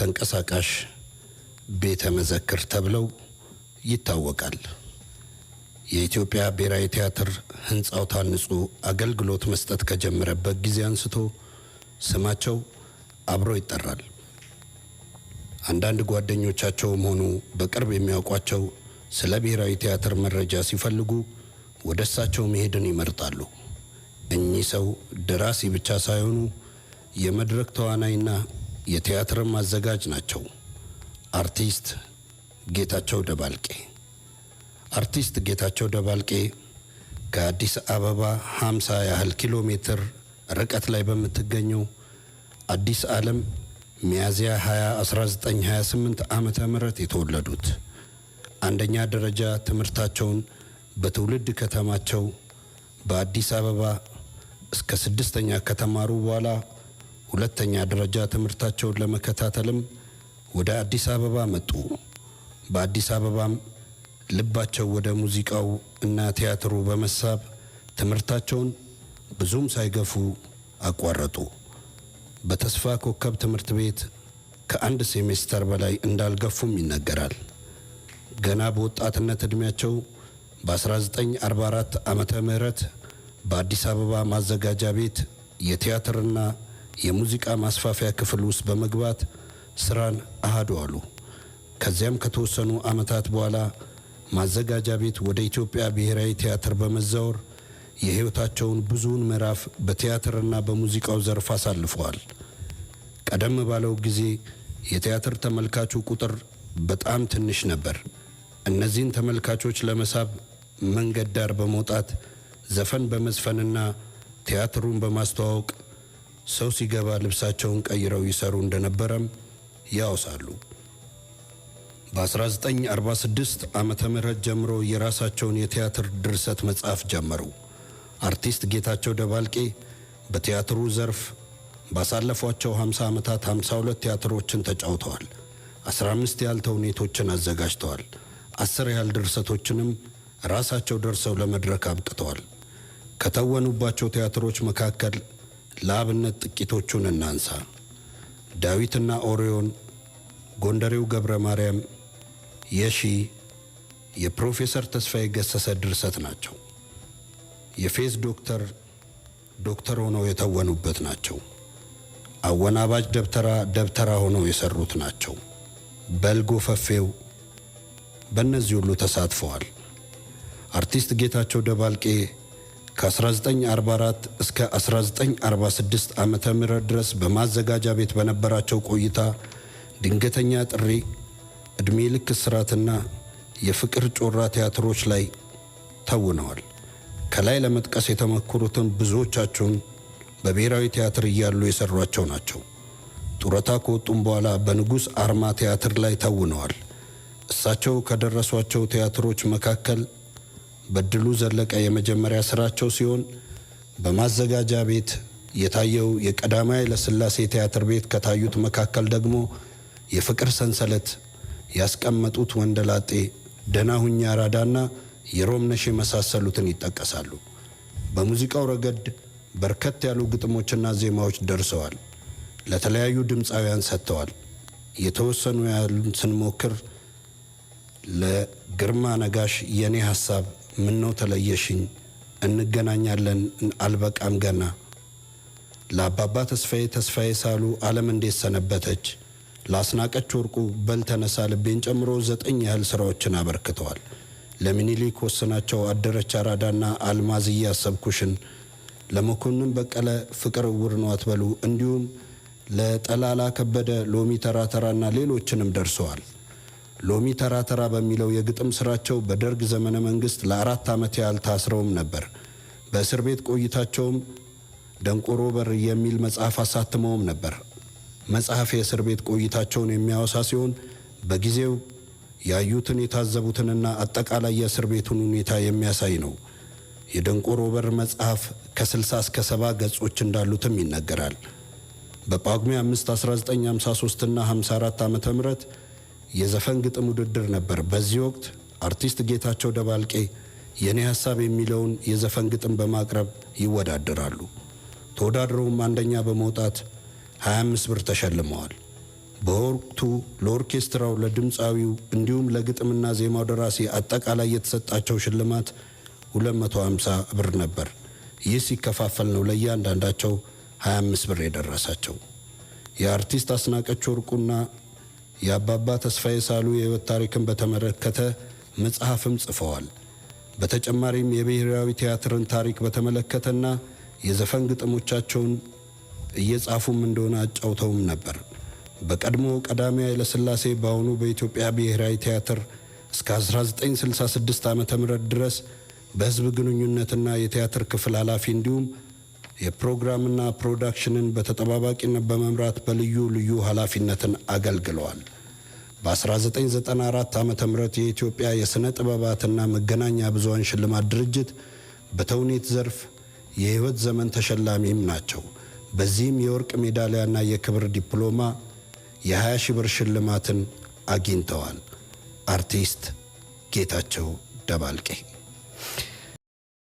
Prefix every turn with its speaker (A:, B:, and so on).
A: ተንቀሳቃሽ ቤተ መዘክር ተብለው ይታወቃል። የኢትዮጵያ ብሔራዊ ቲያትር ህንፃው ታንጹ አገልግሎት መስጠት ከጀመረበት ጊዜ አንስቶ ስማቸው አብሮ ይጠራል። አንዳንድ ጓደኞቻቸውም ሆኑ በቅርብ የሚያውቋቸው ስለ ብሔራዊ ቲያትር መረጃ ሲፈልጉ ወደ እሳቸው መሄድን ይመርጣሉ። እኚህ ሰው ደራሲ ብቻ ሳይሆኑ የመድረክ ተዋናይና የቲያትርም አዘጋጅ ናቸው። አርቲስት ጌታቸው ደባልቄ አርቲስት ጌታቸው ደባልቄ ከአዲስ አበባ 50 ያህል ኪሎ ሜትር ርቀት ላይ በምትገኘው አዲስ ዓለም ሚያዝያ 20 1928 ዓመተ ምህረት የተወለዱት አንደኛ ደረጃ ትምህርታቸውን በትውልድ ከተማቸው በአዲስ አበባ እስከ ስድስተኛ ከተማሩ በኋላ ሁለተኛ ደረጃ ትምህርታቸውን ለመከታተልም ወደ አዲስ አበባ መጡ። በአዲስ አበባም ልባቸው ወደ ሙዚቃው እና ቲያትሩ በመሳብ ትምህርታቸውን ብዙም ሳይገፉ አቋረጡ። በተስፋ ኮከብ ትምህርት ቤት ከአንድ ሴሜስተር በላይ እንዳልገፉም ይነገራል። ገና በወጣትነት ዕድሜያቸው በ1944 ዓመተ ምህረት በአዲስ አበባ ማዘጋጃ ቤት የቲያትርና የሙዚቃ ማስፋፊያ ክፍል ውስጥ በመግባት ስራን አህዱ አሉ። ከዚያም ከተወሰኑ ዓመታት በኋላ ማዘጋጃ ቤት ወደ ኢትዮጵያ ብሔራዊ ቲያትር በመዛወር የሕይወታቸውን ብዙውን ምዕራፍ በቲያትርና በሙዚቃው ዘርፍ አሳልፈዋል። ቀደም ባለው ጊዜ የቲያትር ተመልካቹ ቁጥር በጣም ትንሽ ነበር። እነዚህን ተመልካቾች ለመሳብ መንገድ ዳር በመውጣት ዘፈን በመዝፈንና ቲያትሩን በማስተዋወቅ ሰው ሲገባ ልብሳቸውን ቀይረው ይሰሩ እንደነበረም ያውሳሉ። በ1946 ዓመተ ምህረት ጀምሮ የራሳቸውን የቲያትር ድርሰት መጽሐፍ ጀመሩ። አርቲስት ጌታቸው ደባልቄ በቲያትሩ ዘርፍ ባሳለፏቸው 50 ዓመታት 52 ቲያትሮችን ተጫውተዋል። 15 ያህል ተውኔቶችን አዘጋጅተዋል። 10 ያህል ድርሰቶችንም ራሳቸው ደርሰው ለመድረክ አብቅተዋል። ከተወኑባቸው ቲያትሮች መካከል ለአብነት ጥቂቶቹን እናንሳ። ዳዊትና ኦሪዮን፣ ጎንደሬው ገብረ ማርያም፣ የሺ፣ የፕሮፌሰር ተስፋዬ ገሰሰ ድርሰት ናቸው። የፌዝ ዶክተር ዶክተር ሆነው የተወኑበት ናቸው። አወናባጅ ደብተራ ደብተራ ሆነው የሰሩት ናቸው። በልጎ ፈፌው በእነዚህ ሁሉ ተሳትፈዋል። አርቲስት ጌታቸው ደባልቄ ከ1944 እስከ 1946 ዓ ም ድረስ በማዘጋጃ ቤት በነበራቸው ቆይታ ድንገተኛ ጥሪ፣ ዕድሜ ልክ እስራትና የፍቅር ጮራ ቲያትሮች ላይ ተውነዋል። ከላይ ለመጥቀስ የተሞከሩትን ብዙዎቻቸውን በብሔራዊ ቲያትር እያሉ የሰሯቸው ናቸው። ጡረታ ከወጡም በኋላ በንጉሥ አርማ ቲያትር ላይ ተውነዋል። እሳቸው ከደረሷቸው ቲያትሮች መካከል በድሉ ዘለቀ የመጀመሪያ ስራቸው ሲሆን በማዘጋጃ ቤት የታየው የቀዳማዊ ኃይለስላሴ ቲያትር ቤት ከታዩት መካከል ደግሞ የፍቅር ሰንሰለት ያስቀመጡት ወንደላጤ፣ ደናሁኛ ሁኛ አራዳና የሮምነሽ የመሳሰሉትን ይጠቀሳሉ። በሙዚቃው ረገድ በርከት ያሉ ግጥሞችና ዜማዎች ደርሰዋል፣ ለተለያዩ ድምፃውያን ሰጥተዋል። የተወሰኑ ያሉን ስንሞክር ለግርማ ነጋሽ የኔ ሀሳብ ምነው ተለየሽኝ፣ እንገናኛለን አልበቃም ገና። ለአባባ ተስፋዬ ተስፋዬ ሳሉ ዓለም እንዴት ሰነበተች፣ ለአስናቀች ወርቁ በል ተነሳ ልቤን ጨምሮ ዘጠኝ ያህል ስራዎችን አበርክተዋል። ለሚኒሊክ ወስናቸው አደረች አራዳና አልማዝ እያሰብኩሽን፣ ለመኮንን በቀለ ፍቅር እውር ነው አትበሉ፣ እንዲሁም ለጠላላ ከበደ ሎሚ ተራተራና ሌሎችንም ደርሰዋል። ሎሚ ተራ ተራ በሚለው የግጥም ስራቸው በደርግ ዘመነ መንግስት ለአራት ዓመት ያህል ታስረውም ነበር። በእስር ቤት ቆይታቸውም ደንቆሮ በር የሚል መጽሐፍ አሳትመውም ነበር። መጽሐፍ የእስር ቤት ቆይታቸውን የሚያወሳ ሲሆን በጊዜው ያዩትን የታዘቡትንና አጠቃላይ የእስር ቤቱን ሁኔታ የሚያሳይ ነው። የደንቆሮ በር መጽሐፍ ከ60 እስከ 70 ገጾች እንዳሉትም ይነገራል። በጳጉሜ 5 1953 እና 54 ዓ ም የዘፈን ግጥም ውድድር ነበር። በዚህ ወቅት አርቲስት ጌታቸው ደባልቄ የእኔ ሀሳብ የሚለውን የዘፈን ግጥም በማቅረብ ይወዳደራሉ። ተወዳድረውም አንደኛ በመውጣት 25 ብር ተሸልመዋል። በወቅቱ ለኦርኬስትራው፣ ለድምፃዊው እንዲሁም ለግጥምና ዜማው ደራሲ አጠቃላይ የተሰጣቸው ሽልማት 250 ብር ነበር። ይህ ሲከፋፈል ነው ለእያንዳንዳቸው 25 ብር የደረሳቸው። የአርቲስት አስናቀች ወርቁና የአባባ ተስፋዬ ሳሉ የህይወት ታሪክን በተመለከተ መጽሐፍም ጽፈዋል። በተጨማሪም የብሔራዊ ቲያትርን ታሪክ በተመለከተና የዘፈን ግጥሞቻቸውን እየጻፉም እንደሆነ አጫውተውም ነበር። በቀድሞ ቀዳሚ ኃይለሥላሴ በአሁኑ በኢትዮጵያ ብሔራዊ ቲያትር እስከ 1966 ዓ ም ድረስ በሕዝብ ግንኙነትና የቲያትር ክፍል ኃላፊ እንዲሁም የፕሮግራምና ፕሮዳክሽንን በተጠባባቂነት በመምራት በልዩ ልዩ ኃላፊነትን አገልግለዋል። በ1994 ዓ ም የኢትዮጵያ የሥነ ጥበባትና መገናኛ ብዙሃን ሽልማት ድርጅት በተውኔት ዘርፍ የሕይወት ዘመን ተሸላሚም ናቸው። በዚህም የወርቅ ሜዳሊያና የክብር ዲፕሎማ የ20 ሺህ ብር ሽልማትን አግኝተዋል። አርቲስት ጌታቸው ደባልቄ